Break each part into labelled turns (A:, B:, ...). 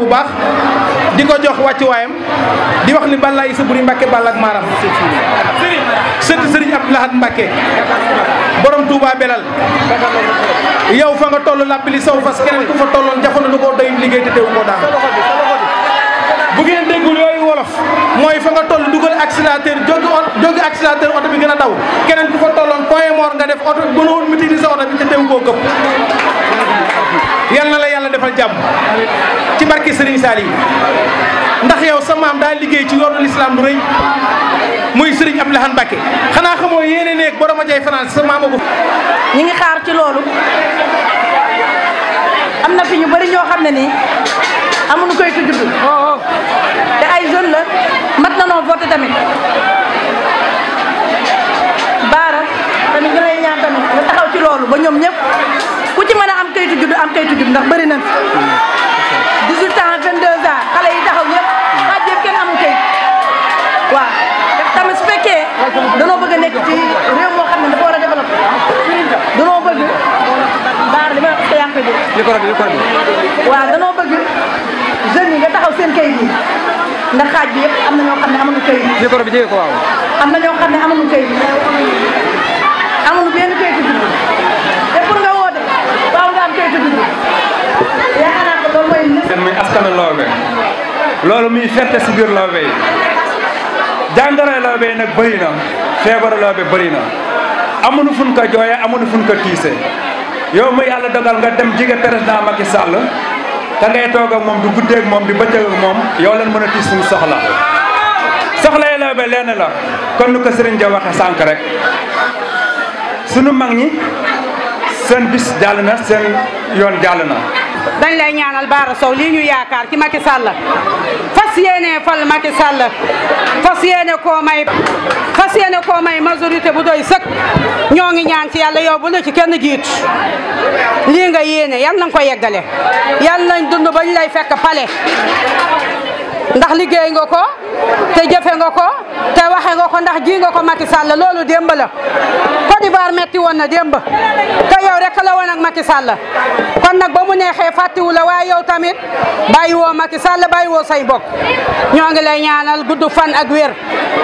A: bu baax di ko jox waayam di wax ni Balla Issa Boury Mbacke Balla ak Maram sëtt Serigne Abdou Lahad Mbacke borom Touba Belal yow fa nga toll lappili saw fas keneen ku fa tolloon jafono du ko doy liggéey te teewu ko daan bu ngeen déggul yooyu wolof mooy fa nga toll dugal accélérateur jógi jógi accélérateur oto bi gën a daw keneen ku fa tolloon point mort nga def oto bi ba la woon maîtriser oto bi te teewu koo këpp yal na la yàlla defal jàmm ci barke Serigne Saliou ndax yow sa maam daa liggéey ci yoonu lislaam rëy muy Serigne Abdou Lahad Mbacké xanaa xamoo yéene nekk borom a jay France sa maam ko ñi ngi xaar ci loolu am na fi ñu bari ñoo xam ne nii amuñu koy tudd oh, oh. te ay jeune la mat na noo voté tamit baara tamit ñu ñaan tamit nga taxaw ci loolu ba ñoom ñëpp nañ fi 18 ans 22 ans xale yi taxaw ñëpp xaaj yëpp kenn amul kayit waaw ndax tamit su fekkee danoo bëgg a nekk ci réew moo xam ne dafa war a développé danoo bëgg baar li ma wax ko yaa ngi koy dégg.
B: li ko rëdd li ko rëdd. waaw
A: danoo bëgg jeunes yi nga taxaw seen kayit yi ndax xaaj bi yëpp am na ñoo xam ne amuñu kayit.
B: li ko rëdd jege ko waaw.
A: am na ñoo xam ne
C: amuñu kayit.
B: te muy askanu lawbe loolu muy ferte si biir lawbe yi jàngoro lawbe yi nag bëri na feebaru lawbe bëri na amuñu fuñ ko jooyee amuñu fuñ ko tiise yow mu yàlla dogal nga dem jigéen jige président Macky Sall te ngay toog ak moom di guddeeg moom di bëccëg ak moom yow leen mën a tiis suñu soxla soxla yi lawbe lenn la kon nu ko sëriñ ja waxe sànq rek sunu mag ñi seen bis jàll na seen yoon jàll na
D: dañ lay ñaanal Baara Sow lii ñu yaakaar ki maki salla fas yéene fal Macky Sall fas yéene koo may koo may majorité bu doy sëkk ñoo ngi ñaan ci yàlla yow bu la ci kenn jiitu lii nga yéene yal nañ ko yeggale yal nañ dund ba ñu lay fekk pale ndax liggéey nga ko te jëfe nga ko te waxe nga ko ndax ji nga ko Macky Sall loolu demb la Côte d'Ivoire metti woon na démb te yow rek la woon ak Macky Sall kon nag ba mu neexee fàttiwu la waaye yow tamit bàyyi woo Macky Sall bàyyi woo say bokk ñoo ngi lay ñaanal gudd fan ak wér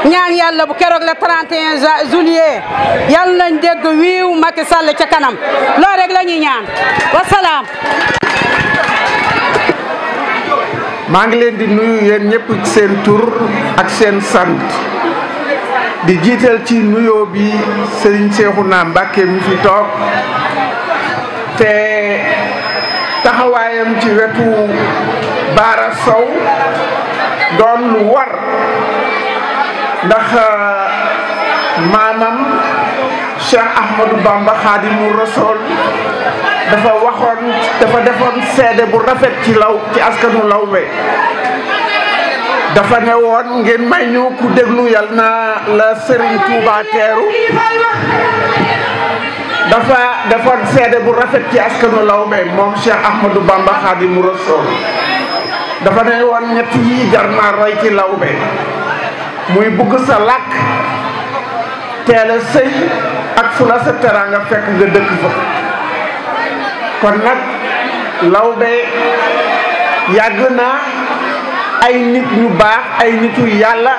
D: ñaan yàlla bu keroog la 31 juillet yàlla nañ dégg wiiw Macky Sall ca kanam loolu rek la ñaan wasalaam
B: maa ngi leen di nuyu yéen ñëpp seen tur ak seen sant di jiital ci nuyoo bi Serigne Cheikhouna Mbacké mi fi toog te taxawaayam ci wetu Bara Sow doon lu war ndax maamam Cheikh Ahmadou Bamba Khadimou dafa waxoon dafa defoon seede bu rafet ci law ci askanu lawbe dafa ne woon ngeen may ñu ku déglu yal na la Serigne Touba dafa defoon seede bu rafet ci askanu lawbe moom Cheikh Ahmadou Bamba Khadimu Rasoul dafa ne woon ñett yi jar naa roy ci lawbe muy bugg sa làkk teel a sëy ak fu la sa teraanga fekk nga dëkk fa kon nag Lawbe yàgg naa ay nit ñu baax ay nitu yàlla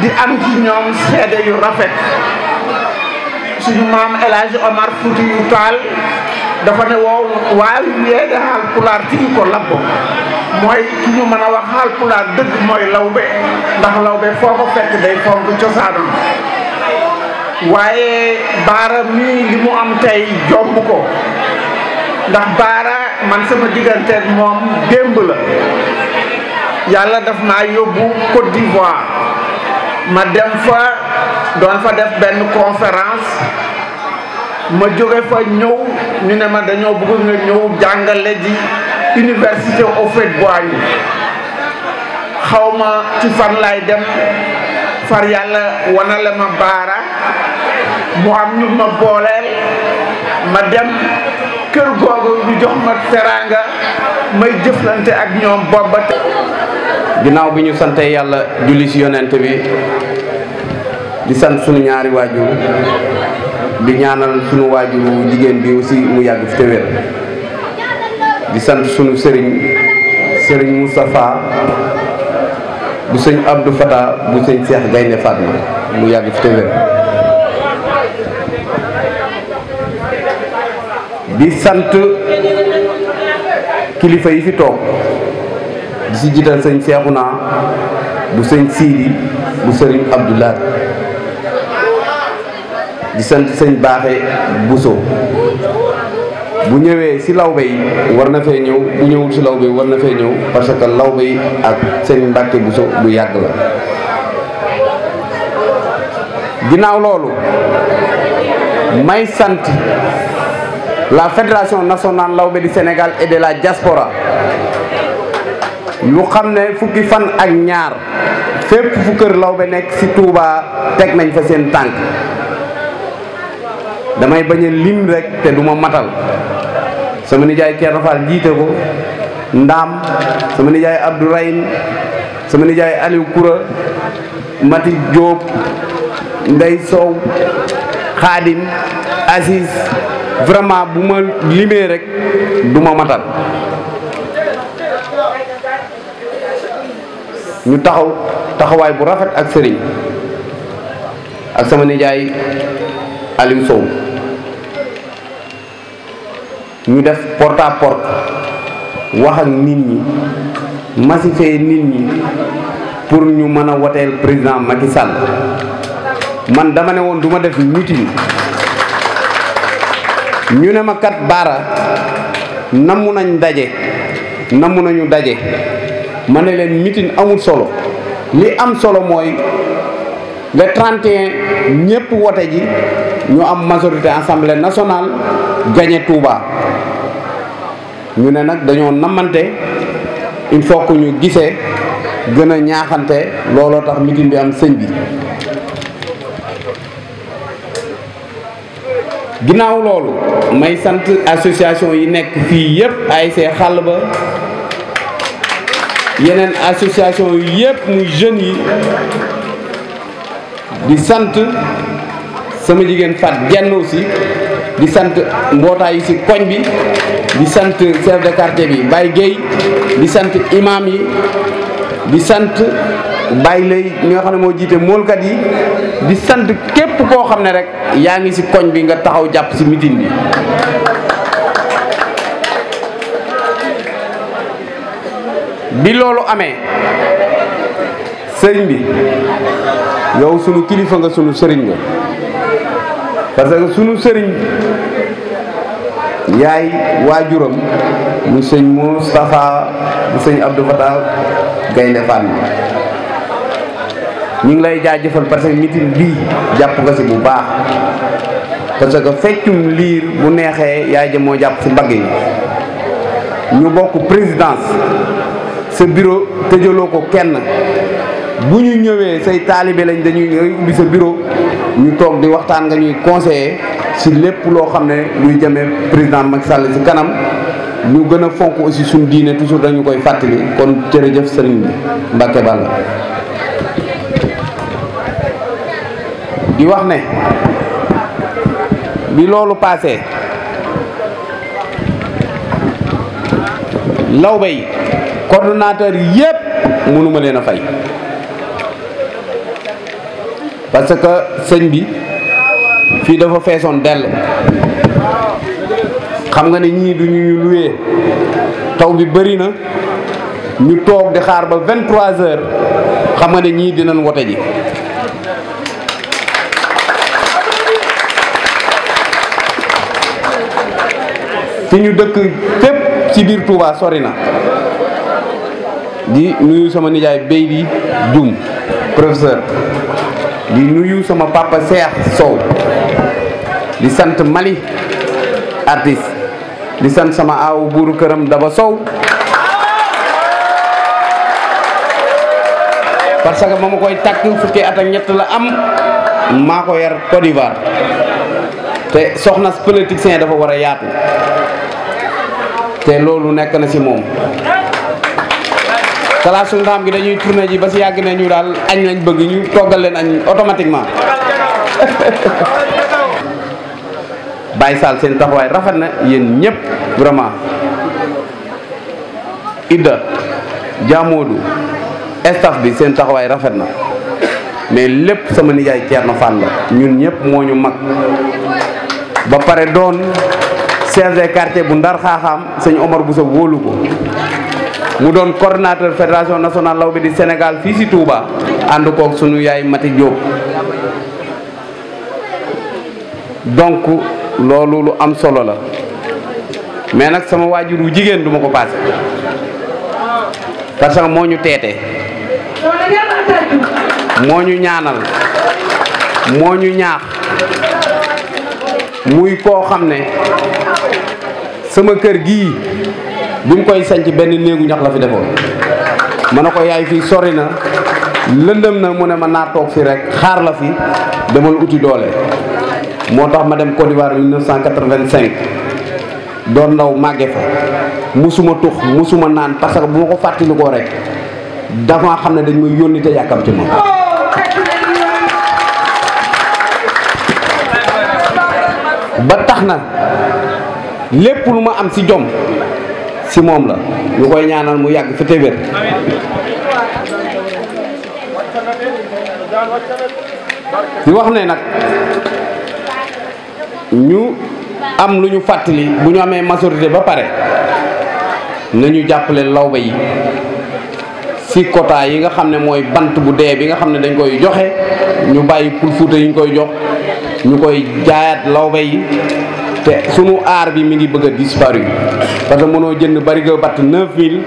B: di am ci ñoom seede yu rafet suñu maam El Hadj Omar Foutiyou Tall dafa ne woow waayu yeede Haalpulaar tigi ko labbo mooy ki ñu mën a wax Haalpulaar dëgg mooy Lawbe ndax Lawbe foo ko fekk day fonk cosaanam waaye baara mii li mu am tey jomb ko ndax baara man sama digganteeg moom démb la yàlla daf maa yóbbu Côte d'Ivoire ma dem fa doon fa def benn conférence ma jóge fa ñëw ñu ne ma dañoo bëgg nga ñëw jàngale ji université Houphouët-Boigny xaw ma ci fan laay dem far yàlla wanale ma baara mu am ñu ma booleel ma dem kër googu ñu jox ma teraanga may jëflante ak ñoom booba
D: ginnaaw bi ñu santee yàlla julli ci yonent bi di sant sunu ñaari waajur di ñaanal sunu waajuru jigéen bi aussi mu yàgg fi te di sant sunu sëriñ sëriñ Moustapha bu sëñ Abdou Fata bu sëñ Cheikh Gaynde Fatma mu yàgg fi di sant kilifa yi fi toog di si jiital sëñ Seexuna bu sëñ Siidi bu sëriñ Abdoulaat di sant sëñ Baaxe Buso bu ñëwee ci lawbe yi war na fee ñëw bu ñëwul ci lawbe yi war na fee ñëw parce que lawbe yi ak sëñ Mbàkke Buso bu yàgg la ginnaaw loolu may sant la fédération nationale lawbe di Sénégal et de la diaspora lu xam ne fukki fan ak ñaar fépp fu kër lawbe nekk ci Touba teg nañ fa seen tànk damay bañ a lim rek te duma matal sama nijaay Thierno Fall jiite ko Ndaam sama nijaay Abdou sama nijaay Aliou Koura Mati Diop Ndey Sow Khadim Aziz vraiment bu ma limee rek du ma matal ñu taxaw taxawaay bu rafet ak sëriñ ak sama nijaay Aliou Sow ñu def porte à porte wax ak nit ñi massifier nit ñi pour ñu mën a woteel président Macky Sall man dama ne woon du ma def meeting ñu ne ma kat baara namu nañ daje nammu nañu daje ma ne leen mitin amul solo li am solo mooy le 31 ñëpp wote ji ñu am majorité assemblée nationale gañe Touba ñu ne nag dañoo namante il faut que ñu gisee gën a ñaaxante looloo tax mitin bi am sëñ bi. ginnaaw loolu may sant association yi nekk fii yëpp ASC xàll ba yeneen association yi yëpp muy jeunes yi di sant sama jigéen Fat Jenn aussi di sant mbootaay yi ci koñ bi di sant chef de quartier bi Baye Gueye di sant imam yi di sant bàyyi lay mi nga xam ne moo jiite moolkat yi di sant képp koo xam ne rek yaa ngi si koñ bi nga taxaw jàpp si mitin bi bi loolu amee sëriñ bi yow sunu kilifa nga sunu sëriñ nga parce que sunu sëriñ yaay waajuram mu sëñ Moustapha mu sëñ Abdou Fatah Gaynde Fatma ñu ngi lay jaajëfal parce que mitin bii jàpp nga si bu baax parce que feccum liir bu neexee yaay ja jàpp si mbagg yi ñu bokk présidence sa bureau tëjaloo ko kenn bu ñu ñëwee say taalibe lañ dañuy ngay ubbi sa bureau ñu toog di waxtaan nga ñuy conseiller si lépp loo xam ne luy jëme président Macky Sall si kanam ñu gën a fonk aussi suñu diine toujours dañu koy fàttali kon jërëjëf sëriñ bi Mbacke Balla di wax ne bi loolu paasee lawbe yi coordonnateur yépp mënuma leen a fay parce que sëñ bi fii dafa feesoon dell xam nga ne ñii duñu ñuy taw bi bëri na ñu toog di xaar ba 23 heures xam nga ne ñii dinañ wote ji fi ñu dëkk fépp ci biir Touba sori na di nuyu sama nijaay béy di Dioum professeur di nuyu sama papa Cheikh Sow di sant Mali artiste di sant sama aaw buuru këram Daba Sow parce que ma ma koy takk fukki at ak ñett la am maa ko yar Côte d'Ivoire te soxna politicien dafa war a yaatu te loolu nekk na si moom kalaasu ndaam gi dañuy tourné ji ba si yàgg ne ñu daal añ lañ bëgg ñu toggal leen añ automatiquement Baye Sall seen taxawaay rafet na yéen ñëpp vraiment Idda Jaamoodu staff bi seen taxawaay rafet na mais lépp sama nijaay Thierno Fall la ñun ñëpp moo ñu mag ba pare doon chef de quartier bu ndar xaaxaam sëñ Omar Bousso wóolu ko mu doon cordinateur fédération nationale lawbe di Sénégal fii si Touba ànd koog sunu yaay Mati jóob donc loolu lu am solo la mais nag sama waajur wu jigéen du ma ko passé parce que moo ñu teete moo ñu ñaanal moo ñu ñaax muy koo xam ne sama kër gii bi mu koy sanc benn néegu ñax la fi defoon ma ne ko yaay fii sori na lëndam na mu ne ma naa toog fii rek xaar la fi demal uti doole moo tax ma dem Côte d'Ivoire 1985 doon ndaw màgge fa musuma tux musuma naan parce que bu ma ko fàttalikoo rek dama xam ne dañ ma yónni te yàkkamti ma ba tax na lépp lu ma am si jom si moom la ñu koy ñaanal mu yàgg fa te wér wax ne nag ñu am lu ñu fàttali bu ñu amee majorité ba pare nañu jàppale lawbe yi si quota yi nga xam ne mooy bant bu dee bi nga xam ne dañ koy joxe ñu bàyyi Pël Fuuta yi ñu koy jox ñu koy jaayaat lawbe yi te sunu aar bi mu ngi bëgg a disparu parce que mënoo jënd barigo batt 9000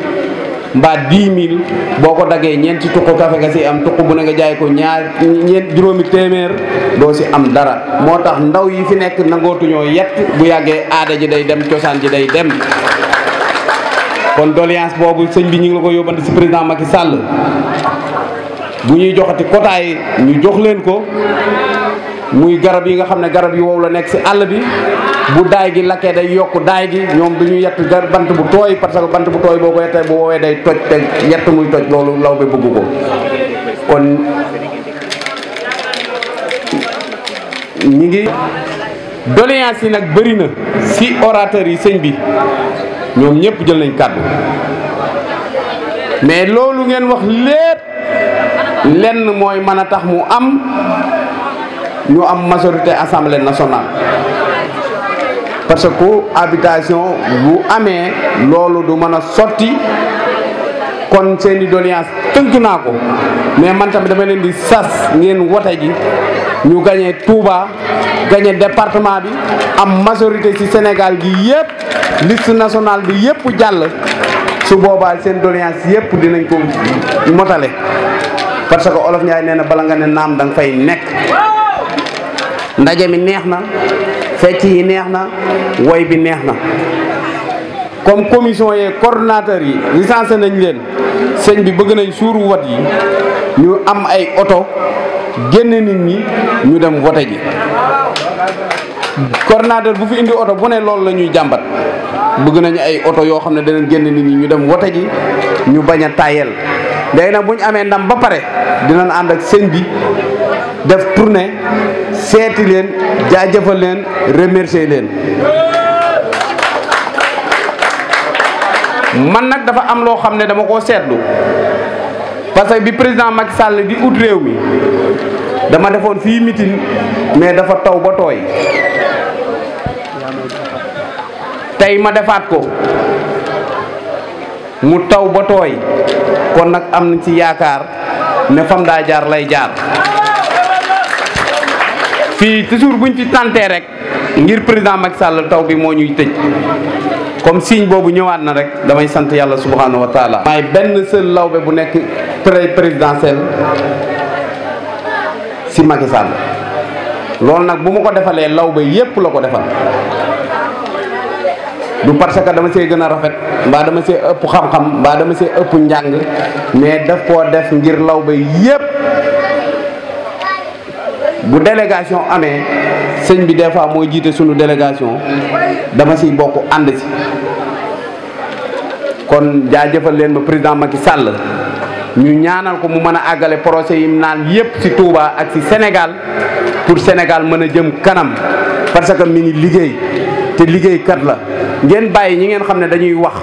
D: mbaa mil boo ko daggee ñeenti tuq kafe nga si am tuq bu ne nga jaay ko ñaar ñeent juróomi téeméer doo ci am dara moo tax ndaw yi fi nekk nangootuñoo yett bu yàggee aada ji day dem cosaan ji day dem kon doléance boobu sëñ bi ñu ngi la ko yóbbante si président Macky sàll bu ñuy joxati quota ñu jox leen ko muy garab yi nga xam ne garab yi wow la nekk si àll bi bu daay gi lakkee day yokk daay gi ñoom du ñu yett gar bant bu tooy parce que bant bu tooy boo ko yettee bu woowee day toj te yett muy toj loolu law bi bëgg ko kon ñi ngi doléance yi nag bëri na si orateur yi sëñ bi ñoom ñëpp jël nañ kàddu mais loolu ngeen wax lépp lenn mooy mën a tax mu am ñu am majorité assemblée nationale parce que habitation bu amee loolu du mën a sotti kon seeni doléance tënk naa ko mais man tamit dama leen di sas ngeen wote ji ñu gagné Touba gañee département bi am majorité ci Sénégal gi yëpp liste national bi yëpp jàll su boobaa seen doliance yëpp dinañ ko motale parce que olof Ndiaye nee na bala nga ne naam da nga fay nekk. ndaje mi neex na fecc yi neex na woy bi neex na comme commission yee coordonnateurs yi licencé nañ leen sëñ bi bëgg nañ suuru wat yi ñu am ay oto génn nit ñi ñu dem vote ji coordonnateur bu fi indi oto bu ne loolu la ñuy jàmbat bëgg nañu ay oto yoo xam ne danañ génn nit ñi ñu dem wote ji ñu bañ a tayel léegi nag bu ñu amee ndam ba pare dinañ ànd ak sëñ bi def tournée seeti leen jaajëfal leen remercier leen man nag dafa am loo xam ne dama koo seetlu parce que bi président mag sàll di ut réew mi dama defoon fii meeting mais dafa taw ba tooy tey ma defaat ko mu taw ba tooy kon nag am na ci yaakaar ne fam daa jaar lay jaar fii toujours buñ ci tàntee rek ngir président Macky Sall taw bi moo ñuy tëj comme signe boobu ñëwaat na rek damay sant yàlla subhanahu wa taala maay benn seul lawbe bu nekk pré présidentiel si Macky Sall loolu nag bu ma ko defalee lawbe yépp la ko defal du parce que dama see gën a rafet mbaa dama see ëpp xam-xam mbaa dama see ëpp njàng mais def koo def ngir lawbe yépp bu délégation amee sëñ bi des fois mooy jiite suñu délégation dama siy bokk ànd si kon jaajëfal leen ba président Macky sàll ñu ñaanal ko mu mën a àggale projet yi mu naan yépp ci Touba ak ci Sénégal pour Sénégal mën a jëm kanam parce que mu ngi liggéey te liggéeykat la ngeen bàyyi ñi ngeen xam ne dañuy wax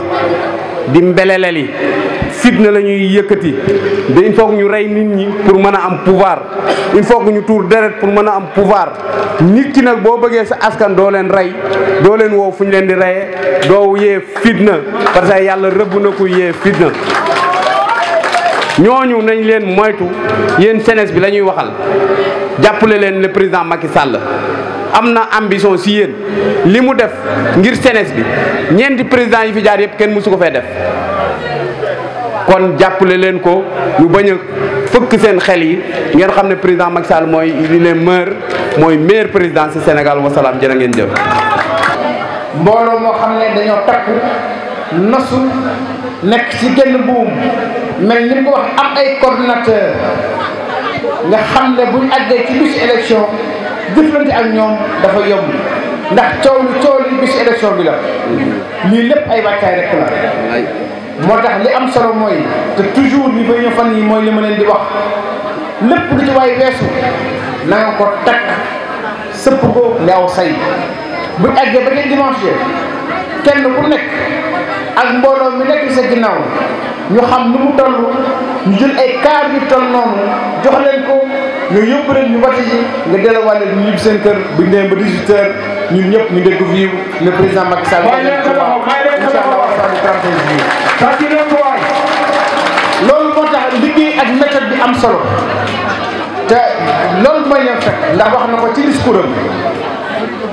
D: di mbeleleli fitna la ñuy yëkkati da foog ñu rey nit ñi pour mën a am pouvoir il faut que ñu tuur deret pour mën a am pouvoir nit ki nag boo bëggee sa askan doo leen rey doo leen woow fu ñu leen di reye doo yee fitna parce que yàlla rëbb na ko yee fitna ñooñu nañ leen moytu yéen jeunesse bi la ñuy waxal jàppale leen le président Macky Sall am na ambition si yéen li mu def ngir jeunesse bi ñeenti président yi fi jaar yëpp kenn mësu ko fee def kon jàppale leen ko yu bañ a fëkk seen xel yi ngeen xam ne président Macky saal mooy il leen meilleur mooy meilleur président si Sénégal wasalaam jërë ngeen jëf.
A: mbooloo moo xam ne dañoo takku nosu nekk ci genn buum mais ni mu wax am ay coordonnateur nga xam ne buñ àggee ci bisu élection jëflante ak ñoom dafa yomb. ndax coow lu coow lu bisu élection bi la mm-hmm. lii lépp ay wàccaay rek la moo tax li am solo mooy te toujours li bañ a fan yi mooy li ma leen di wax lépp lu ci waay weesu na ko takk sëpp ko neew say bu eggee ba ngeen dimanche kenn ku nekk ak mbooloo mi nekk sa ginnaaw ñu xam nu mu toll ñu jël ay kaar yu toll noonu jox leen ko nga yóbbu leen ñu wati ji nga delluwaale ñu ñibbi seen kër bu ñu demee ba 18 heures ñun ñëpp ñu dégg viiw le président Macky Sall française bi tàcc leen ko waay loolu moo tax liggéey ak méthode bi am solo te loolu mooy leen fekk ndax wax na ko ci discours am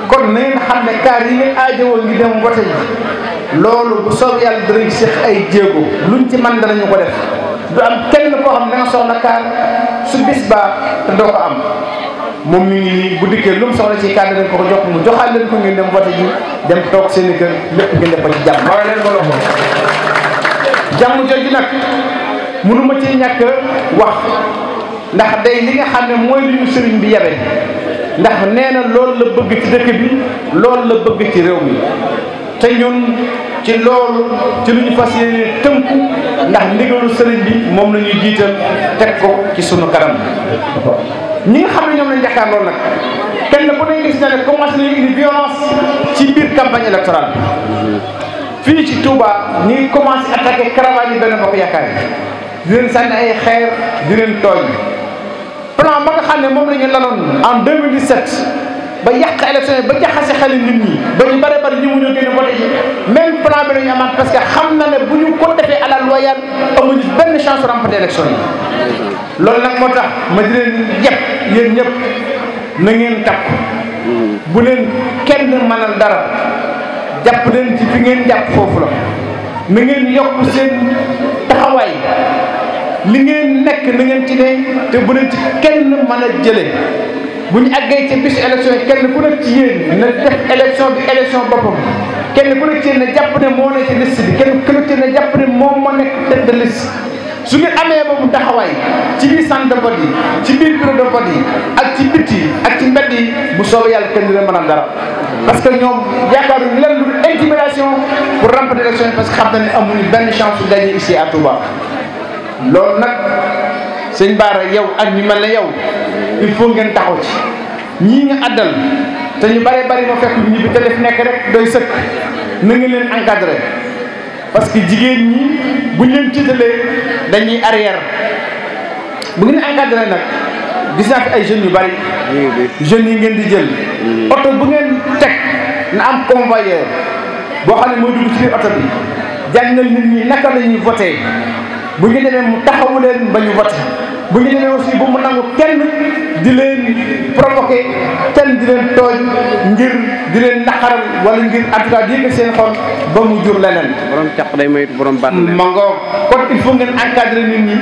A: kon na ngeen xam ne kaar yi ngeen aajowoo ngi dem wote yi loolu bu soob yàlla danañ seq ay jéego luñ ci man danañu ko def du am kenn koo xam ne da nga soxla kaar su bis baa te doo ko am moom mu ngi nii bu dikkee lu mu soxla ci kàddu dañ ko ko jox mu joxaat leen ko ngeen dem vote ji dem toog seen i kër lépp ngeen def ko ci jàmm waaye leen nag mënu ci ñàkk wax ndax day li nga xam ne mooy li ñu sëriñ bi yabe ndax nee na lool la bëgg ci dëkk bi loolu la bëgg ci réew mi te ñun ci loolu ci lu ñu fas yéene tënku ndax ndigalu sëriñ bi moom lañuy ñuy jiital teg ko ci sunu kanam ñi nga xam ne ñoom lañ jàkkaar loolu nag kenn ku ne gis na ne commencé nañu indi violence ci biir campagne électorale bi fii ci Touba ñu ngi commencé attaqué caravane yi benn bokk yaakaar di leen sànni ay xeer di leen tooñ plan ba nga xam ne moom la ñu laloon en 2017 ba yàq élection yi ba jaxase xale nit ñi ba ñu bare bari ñu mu ñu génn voté yi même plan bi la ñu amaat parce que xam na ne bu ñu ko defee à la loyale amuñu benn chance remporter élection
C: yi
A: loolu nag moo tax ma di leen yëpp yéen ñëpp na ngeen takk bu leen kenn mënal dara jàpp leen ci fi ngeen jàpp foofu la na ngeen yokk seen taxawaay li ngeen nekk na ngeen ci ne te bu leen ci kenn mën a jëlee bu ñu àggee ci bisu élection yi kenn ku nekk ci yéen na def élection bi élection boppam kenn ku nekk ci yéen na jàpp ne moo nekk ci bi kenn ku nekk ci yéen na jàpp ne moom moo nekk tête de liste su ngeen amee boobu ci biir centre de vote yi ci biir bureau de vote yi ci biti ak ci mbedd yi bu yal yàlla kenn du leen mën a dara parce que ñoom yaakaaruñu leen lu intimidation pour remporter élection yi parce que xam na ne amuñu benn chance su gagner ici à sëñ Baara yow ak ñu mel na yow il faut ngeen taxaw ci ñii nga àddal te ñu bare bari ma fekk ñi bi te def nekk rek doy sëkk na nga leen encadré parce que jigéen ñi buñ leen tiitalee dañuy arrière bu ngeen encadré nag gis naa ay jeunes yu bari jeunes yi ngeen di jël oto bu ngeen teg na am convoyeur boo xam ne mooy dugg ci biir oto bi jàngal nit ñi naka la ñuy voté bu ñu demee mu taxawu leen ba ñu voté bu ñu demee aussi bu mu nangu kenn di leen provoqué kenn di leen tooñ ngir di leen naqaral wala ngir en tout seen xol ba
D: mu jur leneen. borom caq a moytu borom bàtt ma
A: ngoo kon il faut ngeen encadrer nit ñi.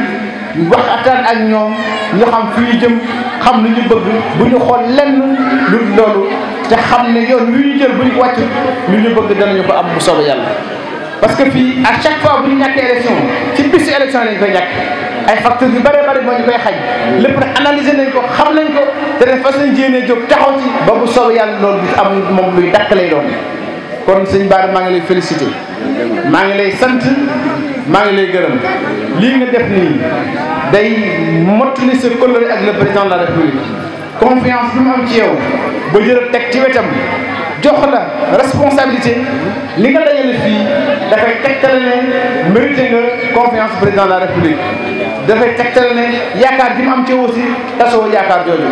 A: waxtaan ak ñoom ñu xam fi ñu jëm xam nu ñu bëgg bu ñu xool lenn lu loolu te xam ne yoon lu ñu jël bu ñu wàcc lu ñu bëgg ñu ko am bu soobee yàlla parce que fii à chaque fois bu ñu ñàkkee élection ci piste élection lañ koy ñàkk ay facteurs yu bëree bëri moo ñu koy xañ lépp nag analyser nañ ko xam nañ ko te ren fas nañ jéenee jóg taxaw ci ba bu soobee yàlla loolu du am moom luy dakk lay doon kon sëñ Bara maa ngi lay félicité maa ngi lay sant maa ngi lay gërëm lii nga def nii day mottali sa kóllëre ak le président de la république confiance bi mu am ci yow ba jërëb teg ci wetam jox la responsabilité li nga dajale fii dafay tegtal ne mérité nga confiance président de la république dafay tegtal ne yaakaar bi mu am ci aussi tasoo yaakaar jooju.